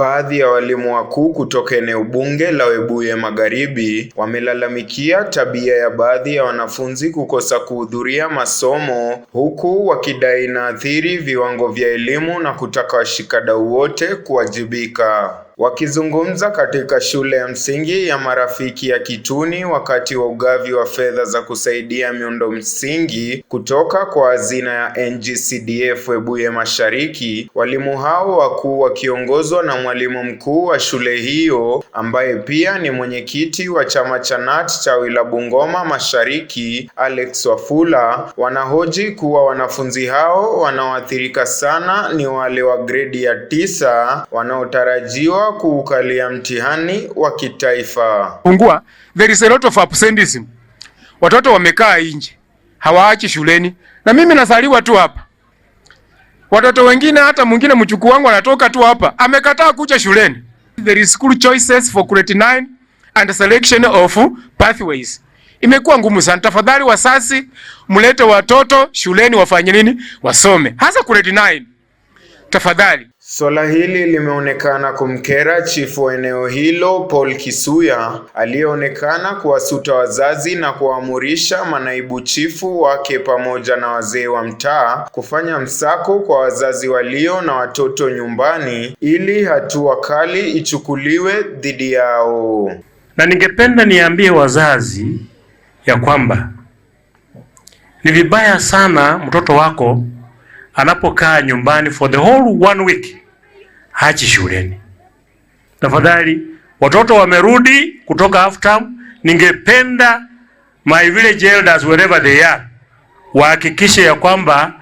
Baadhi ya walimu wakuu kutoka eneo bunge la Webuye Magharibi wamelalamikia tabia ya baadhi ya wanafunzi kukosa kuhudhuria masomo, huku wakidai inaathiri viwango vya elimu na kutaka washikadau wote kuwajibika wakizungumza katika shule ya msingi ya Marafiki ya Kituni wakati wa ugavi wa fedha za kusaidia miundo msingi kutoka kwa hazina ya NGCDF Webuye Mashariki. Walimu hao wakuu wakiongozwa na mwalimu mkuu wa shule hiyo ambaye pia ni mwenyekiti wa chama cha nat cha wila Bungoma Mashariki, Alex Wafula, wanahoji kuwa wanafunzi hao wanaoathirika sana ni wale wa gredi ya tisa wanaotarajiwa kuukalia mtihani wa kitaifa. Ungua, there is a lot of absenteeism. Watoto wamekaa nje, hawaachi shuleni, na mimi nasaliwa tu hapa. Watoto wengine hata mwingine mchuku wangu anatoka tu hapa, amekataa kuja shuleni. There is school choices for grade 9 and selection of pathways. Imekuwa ngumu sana. Tafadhali wasasi, mlete watoto shuleni wafanye nini? Wasome, hasa grade 9 tafadhali. Suala hili limeonekana kumkera chifu wa eneo hilo Paul Kisuya aliyeonekana kuwasuta wazazi na kuwaamurisha manaibu chifu wake pamoja na wazee wa mtaa kufanya msako kwa wazazi walio na watoto nyumbani ili hatua kali ichukuliwe dhidi yao. Na ningependa niambie wazazi ya kwamba ni vibaya sana mtoto wako anapokaa nyumbani for the whole one week hachi shuleni. Tafadhali watoto wamerudi kutoka half term, ningependa my village elders wherever they are wahakikishe ya kwamba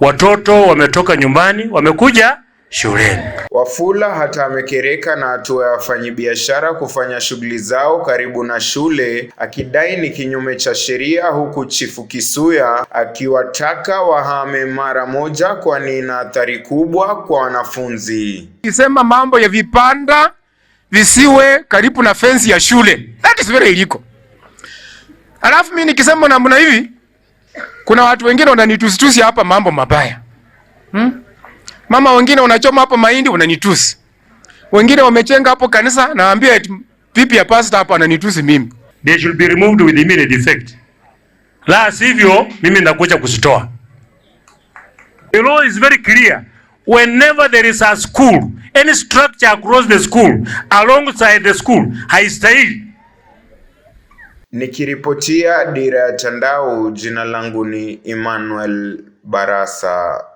watoto wametoka nyumbani wamekuja shuleni. Wafula hata amekereka na hatua ya wafanyabiashara kufanya shughuli zao karibu na shule, akidai ni kinyume cha sheria, huku Chifu Kisuya akiwataka wahame mara moja, kwani ina athari kubwa kwa wanafunzi, kisema mambo ya vipanda visiwe karibu na fensi ya shule. That is very iliko. Alafu mimi nikisema namna hivi, kuna watu wengine wananitusitusi hapa mambo mabaya hmm? Mama wengine wanachoma hapo mahindi wananitusi. Wengine wamechenga hapo kanisa naambia eti vipi ya pastor ananitusi mimi. They should be removed with immediate effect. La sivyo mimi nitakuja kuzitoa. The law is very clear. Whenever there is a school, any structure across the school, alongside the school, haistahili. Nikiripotia Dira ya Tandao, jina langu ni Emmanuel Barasa.